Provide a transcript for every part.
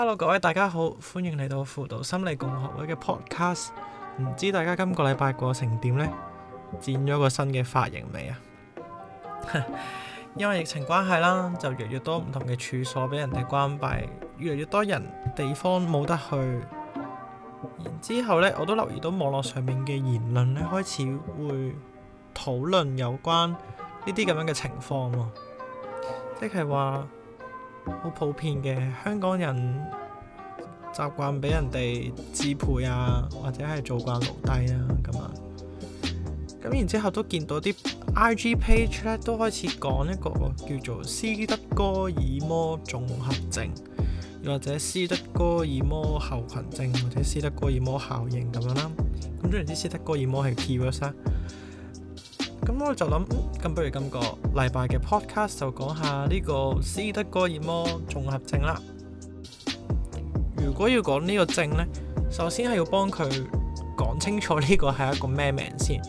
Hello，各位大家好，歡迎嚟到輔導心理共學會嘅 Podcast。唔知大家今個禮拜過成點呢？剪咗個新嘅髮型未啊？ 因為疫情關係啦，就越嚟越多唔同嘅處所俾人哋關閉，越嚟越多人地方冇得去。然之後呢，我都留意到網絡上面嘅言論呢，開始會討論有關呢啲咁樣嘅情況咯，即係話，好普遍嘅香港人習慣俾人哋支配啊，或者係做慣奴隸啊。咁啊。咁然後之後都見到啲 I G page 咧，都開始講一個叫做斯德哥爾摩綜合症，又或者斯德哥爾摩後群症，或者斯德哥爾摩效應咁樣啦、啊。咁當然啲斯德哥爾摩係 P w o 咁我就諗，咁、嗯、不如今個禮拜嘅 podcast 就講下呢個斯德哥爾摩綜合症啦。如果要講呢個症呢，首先係要幫佢講清楚呢個係一個咩名先。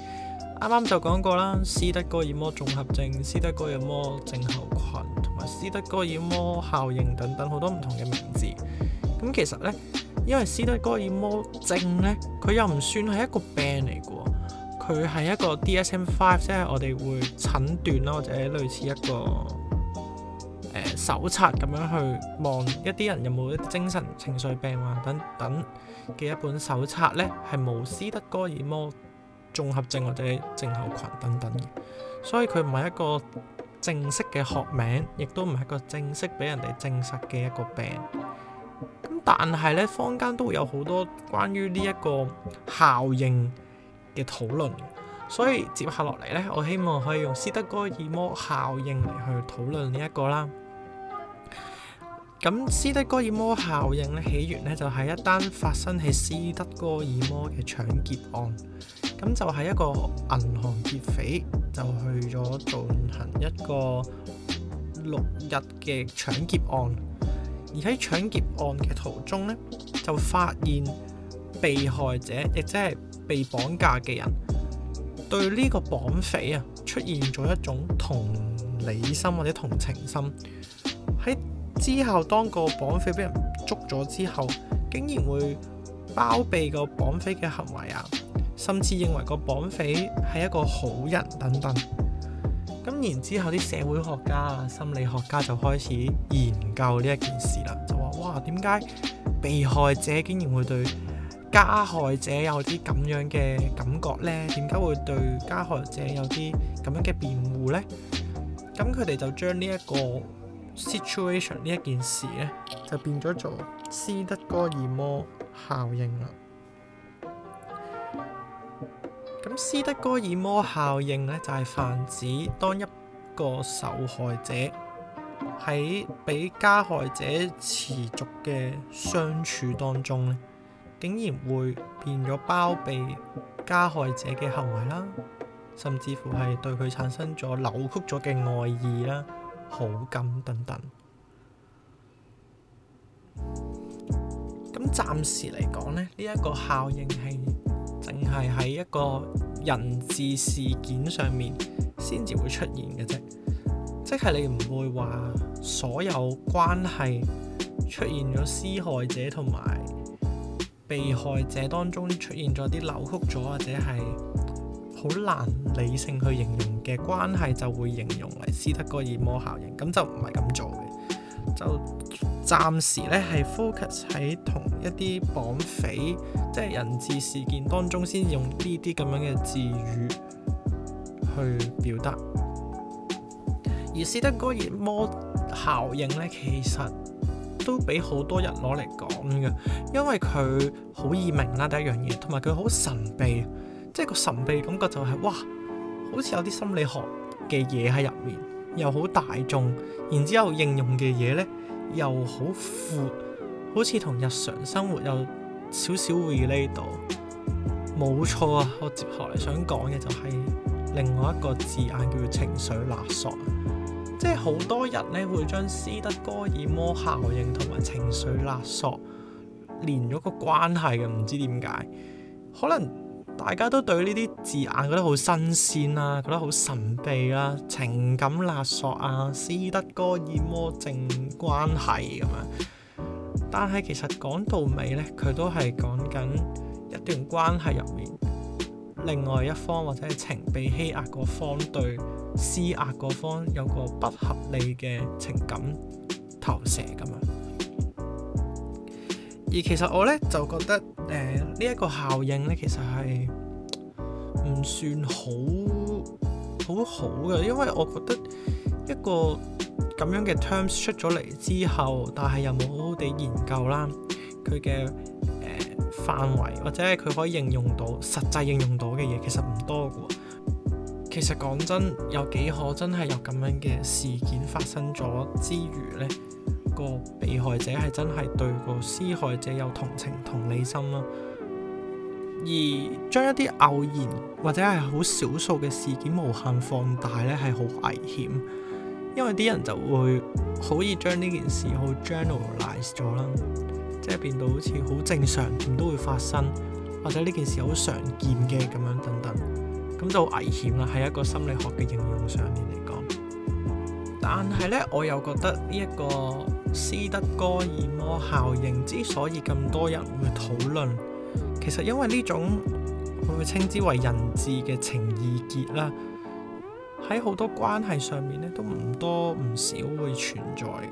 啱啱就講過啦，斯德哥爾摩綜合症、斯德哥爾摩症候群同埋斯德哥爾摩效應等等好多唔同嘅名字。咁其實呢，因為斯德哥爾摩症呢，佢又唔算係一個病嚟嘅。佢係一個 D.S.M. Five 即係我哋會診斷啦，或者類似一個誒、呃、手冊咁樣去望一啲人有冇一啲精神情緒病患等等嘅一本手冊咧，係無斯德哥爾摩綜合症或者症候群等等嘅，所以佢唔係一個正式嘅學名，亦都唔係一個正式俾人哋證實嘅一個病。咁但係咧，坊間都有好多關於呢一個效應嘅討論，所以接下落嚟呢，我希望可以用斯德哥爾摩效應嚟去討論呢一個啦。咁斯德哥爾摩效應呢起源呢，就係一單發生喺斯德哥爾摩嘅搶劫案，咁就係一個銀行劫匪就去咗進行一個六日嘅搶劫案，而喺搶劫案嘅途中呢，就發現被害者亦即係被綁架嘅人對呢個綁匪啊出現咗一種同理心或者同情心，喺之後當個綁匪俾人捉咗之後，竟然會包庇個綁匪嘅行為啊，甚至認為個綁匪係一個好人等等。咁然後之後啲社會學家啊、心理學家就開始研究呢一件事啦，就話哇點解被害者竟然會對加害者有啲咁樣嘅感覺呢？點解會對加害者有啲咁樣嘅辯護呢？咁佢哋就將呢一個 situation 呢一件事呢，就變咗做斯德哥爾摩效應啦。咁斯德哥爾摩效應呢，就係泛指當一個受害者喺俾加害者持續嘅相處當中呢。竟然會變咗包庇加害者嘅行為啦，甚至乎係對佢產生咗扭曲咗嘅愛意啦、好感等等。咁暫時嚟講咧，呢、這、一個效應係淨係喺一個人質事件上面先至會出現嘅啫，即係你唔會話所有關係出現咗施害者同埋。被害者當中出現咗啲扭曲咗，或者係好難理性去形容嘅關係，就會形容為斯德哥爾摩效應。咁就唔係咁做嘅，就暫時咧係 focus 喺同一啲綁匪，即係人質事件當中先用呢啲咁樣嘅字語去表達。而斯德哥爾摩效應咧，其實都俾好多人攞嚟講嘅，因為佢好易明啦，第一樣嘢，同埋佢好神秘，即係個神秘感覺就係，哇，好似有啲心理學嘅嘢喺入面，又好大眾，然之後應用嘅嘢呢又好闊，好似同日常生活有少少 related。冇錯啊，我接下嚟想講嘅就係另外一個字眼叫做情緒勒索。即係好多人咧，會將斯德哥爾摩效應同埋情緒勒索連咗個關係嘅，唔知點解。可能大家都對呢啲字眼覺得好新鮮啊，覺得好神秘啦、啊，情感勒索啊、斯德哥爾摩症關係咁樣。但係其實講到尾呢，佢都係講緊一段關係入面，另外一方或者係情被欺壓嗰方對。施壓嗰方有個不合理嘅情感投射咁樣，而其實我咧，就覺得誒呢一個效應咧，其實係唔算好好好嘅，因為我覺得一個咁樣嘅 terms 出咗嚟之後，但係又冇好好地研究啦佢嘅誒範圍，或者係佢可以應用到實際應用到嘅嘢，其實唔多嘅。其實講真，有幾可真係有咁樣嘅事件發生咗之餘呢，個被害者係真係對個施害者有同情同理心啦。而將一啲偶然或者係好少數嘅事件無限放大呢，係好危險，因為啲人就會好易將呢件事好 generalize 咗啦，即係變到好似好正常點都會發生，或者呢件事好常見嘅咁樣等等。咁就危險啦，喺一個心理學嘅應用上面嚟講。但係呢，我又覺得呢一個斯德哥爾摩效應之所以咁多人會討論，其實因為呢種會稱之為人質嘅情意結啦，喺好多關係上面咧都唔多唔少會存在嘅，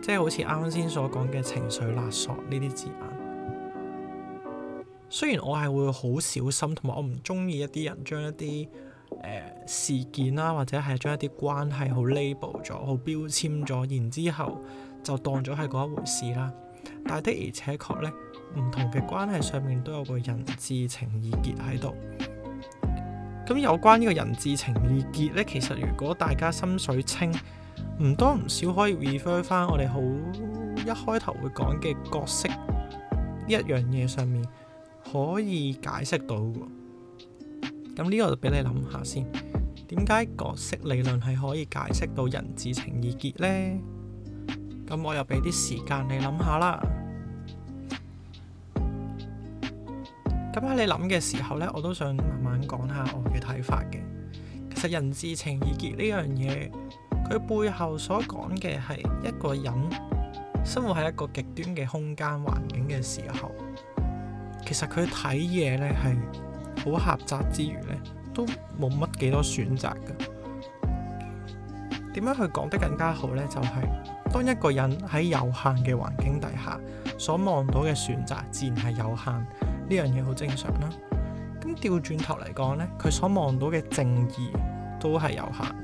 即係好似啱先所講嘅情緒勒索呢啲字。雖然我係會好小心，同埋我唔中意一啲人將一啲、呃、事件啦、啊，或者係將一啲關係好 label 咗、好標籤咗，然之後就當咗係嗰一回事啦。但的而且確咧，唔同嘅關係上面都有個人質情意結喺度。咁有關呢個人質情意結咧，其實如果大家心水清，唔多唔少可以 refer 翻我哋好一開頭會講嘅角色一樣嘢上面。可以解釋到㗎，咁呢個就俾你諗下先。點解角色理論係可以解釋到人質情意結呢？咁我又俾啲時間你諗下啦。咁喺你諗嘅時候呢，我都想慢慢講下我嘅睇法嘅。其實人質情意結呢樣嘢，佢背後所講嘅係一個人生活喺一個極端嘅空間環境嘅時候。其實佢睇嘢呢，係好狹窄之餘呢，都冇乜幾多選擇㗎。點樣去講得更加好呢？就係、是、當一個人喺有限嘅環境底下所望到嘅選擇，自然係有限呢樣嘢好正常啦。咁調轉頭嚟講呢，佢所望到嘅正義都係有限。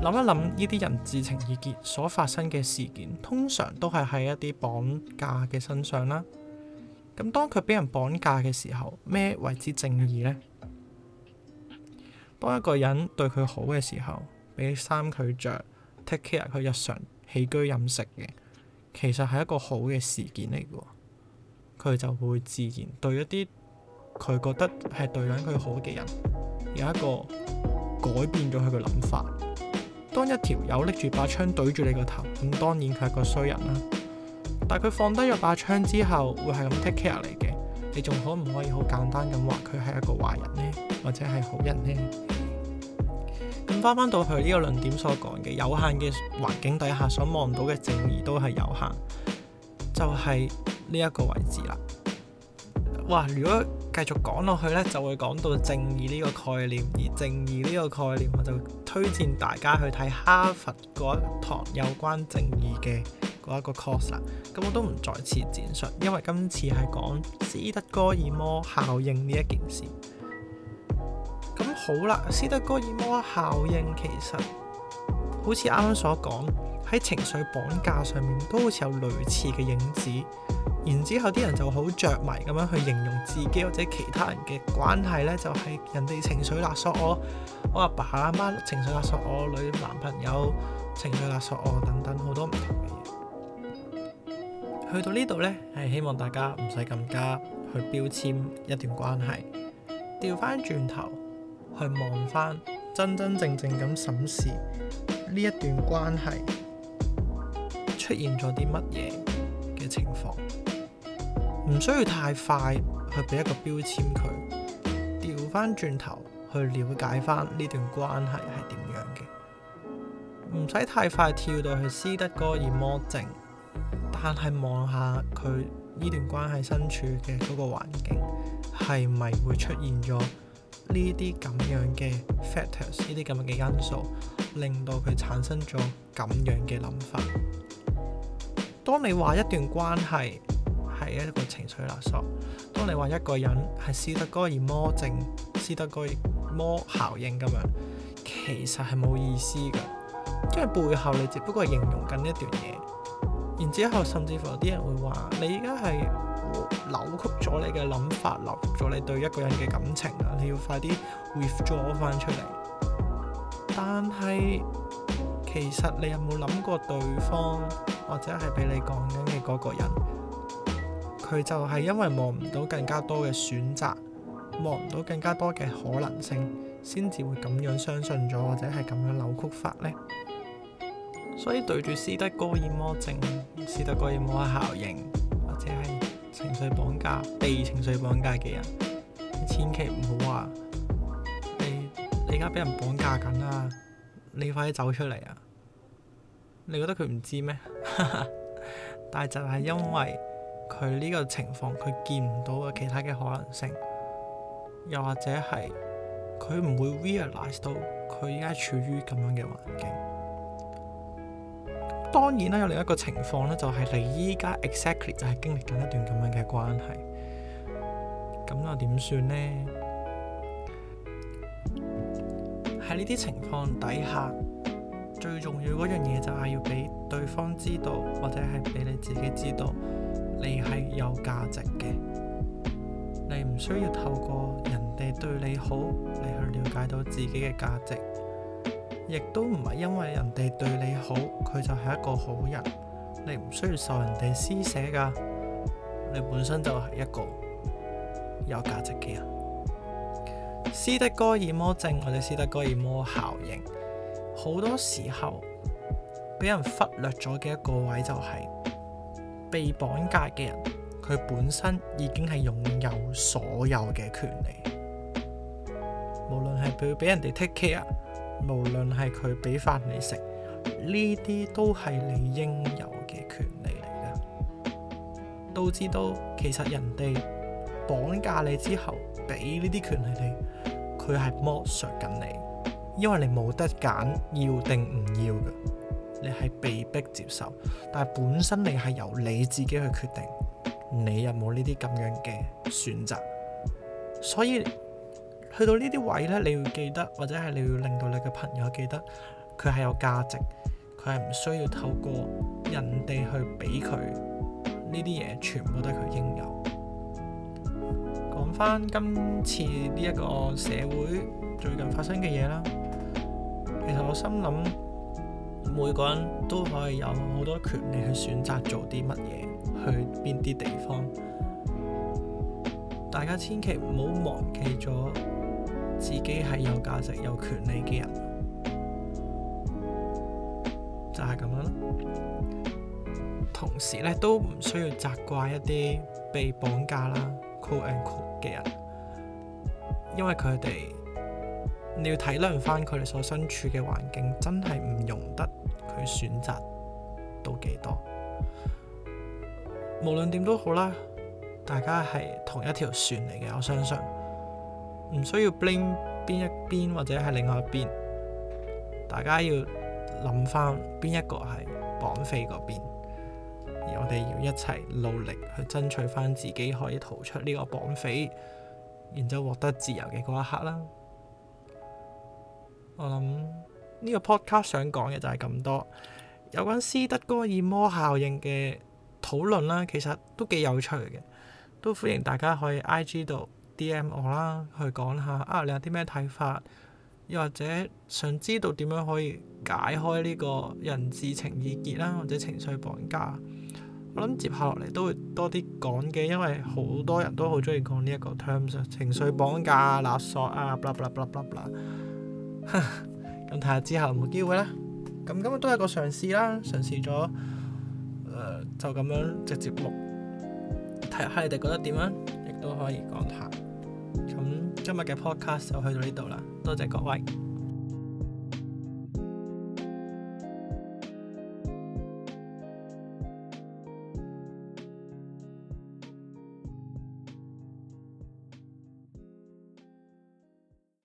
諗一諗呢啲人質情意結所發生嘅事件，通常都係喺一啲綁架嘅身上啦。咁當佢俾人綁架嘅時候，咩為之正義呢？當一個人對佢好嘅時候，俾衫佢着，take care 佢日常起居飲食嘅，其實係一個好嘅事件嚟嘅。佢就會自然對一啲佢覺得係對緊佢好嘅人，有一個改變咗佢嘅諗法。當一條友拎住把槍對住你個頭，咁當然佢係個衰人啦。但佢放低咗把槍之後，會係咁 take care 嚟嘅。你仲可唔可以好簡單咁話佢係一個壞人呢？或者係好人呢？咁返返到去呢個論點所講嘅有限嘅環境底下所望到嘅正義都係有限，就係呢一個位置啦。哇！如果繼續講落去呢，就會講到正義呢個概念，而正義呢個概念，我就推薦大家去睇哈佛嗰堂有關正義嘅。嗰一個 course 啦，咁我都唔再次展述，因為今次係講斯德哥爾摩效應呢一件事。咁好啦，斯德哥爾摩效應其實好似啱啱所講喺情緒綁架上面都好似有類似嘅影子。然之後啲人就好着迷咁樣去形容自己或者其他人嘅關係呢，就係人哋情緒勒索我，我阿爸阿媽情緒勒索我，女男朋友，情緒勒索我等等好多唔同嘅嘢。去到呢度呢，係希望大家唔使咁加去標籤一段關係，調翻轉頭去望翻真真正正咁審視呢一段關係出現咗啲乜嘢嘅情況，唔需要太快去俾一個標籤佢，調翻轉頭去了解翻呢段關係係點樣嘅，唔使太快跳到去斯德哥爾摩症。但係望下佢呢段關係身處嘅嗰個環境，係咪會出現咗呢啲咁樣嘅 factors，呢啲咁樣嘅因素，令到佢產生咗咁樣嘅諗法？當你話一段關係係一個情緒勒索，當你話一個人係斯德哥爾摩症、斯德哥爾摩效應咁樣，其實係冇意思㗎，因為背後你只不過係形容緊一段嘢。然之後，甚至乎有啲人會話：你而家係扭曲咗你嘅諗法，扭曲咗你對一個人嘅感情啊！你要快啲 withdraw 翻出嚟。但係其實你有冇諗過對方，或者係俾你講緊嘅嗰個人，佢就係因為望唔到更加多嘅選擇，望唔到更加多嘅可能性，先至會咁樣相信咗，或者係咁樣扭曲法呢？所以對住斯德哥爾摩症、斯德哥爾摩效應，或者係情緒綁架、被情緒綁架嘅人，你千祈唔好話你而家俾人綁架緊啊！你快啲走出嚟啊！你覺得佢唔知咩？ 但係就係因為佢呢個情況，佢見唔到嘅其他嘅可能性，又或者係佢唔會 realize 到佢而家處於咁樣嘅環境。當然啦，有另一個情況咧，就係、是、你依家 exactly 就係經歷緊一段咁樣嘅關係，咁又點算呢？喺呢啲情況底下，最重要嗰樣嘢就係要俾對方知道，或者係俾你自己知道你，你係有價值嘅。你唔需要透過人哋對你好，你去了解到自己嘅價值。亦都唔係因為人哋對你好，佢就係一個好人。你唔需要受人哋施捨噶，你本身就係一個有價值嘅人。斯德哥爾摩症或者斯德哥爾摩效應，好多時候俾人忽略咗嘅一個位就係、是、被綁架嘅人，佢本身已經係擁有所有嘅權利，無論係佢俾人哋 take care。無論係佢俾飯你食，呢啲都係你應有嘅權利嚟㗎。都知道其實人哋綁架你之後，俾呢啲權利你，佢係剝削緊你，因為你冇得揀，要定唔要㗎。你係被逼接受，但係本身你係由你自己去決定，你有冇呢啲咁樣嘅選擇，所以。去到呢啲位咧，你要記得，或者係你要令到你嘅朋友記得，佢係有價值，佢係唔需要透過人哋去俾佢，呢啲嘢全部都係佢應有。講翻今次呢一個社會最近發生嘅嘢啦，其實我心諗每個人都可以有好多權利去選擇做啲乜嘢，去邊啲地方。大家千祈唔好忘記咗。自己係有價值、有權利嘅人，就係、是、咁樣。同時咧，都唔需要責怪一啲被綁架啦、cool and cool 嘅人，因為佢哋你要體諒翻佢哋所身處嘅環境，真係唔容得佢選擇到幾多。無論點都好啦，大家係同一條船嚟嘅，我相信。唔需要 blame 邊一邊或者係另外一邊，大家要諗翻邊一個係綁匪嗰邊，而我哋要一齊努力去爭取翻自己可以逃出呢個綁匪，然之後獲得自由嘅嗰一刻啦。我諗呢個 podcast 想講嘅就係咁多，有關斯德哥爾摩效應嘅討論啦，其實都幾有趣嘅，都歡迎大家可以 IG 度。D.M 我啦，去講下啊，你有啲咩睇法？又或者想知道點樣可以解開呢個人際情意結啦，或者情緒綁架？我諗接下落嚟都會多啲講嘅，因為好多人都好中意講呢一個 term，s 情緒綁架、勒索啊 b 啦 a 啦 l a b l 咁睇下之後有冇機會啦。咁今日都係個嘗試啦，嘗試咗誒、呃、就咁樣直接木睇下你哋覺得點啊？亦都可以講下。咁今日嘅 podcast 就去到呢度啦，多謝各位。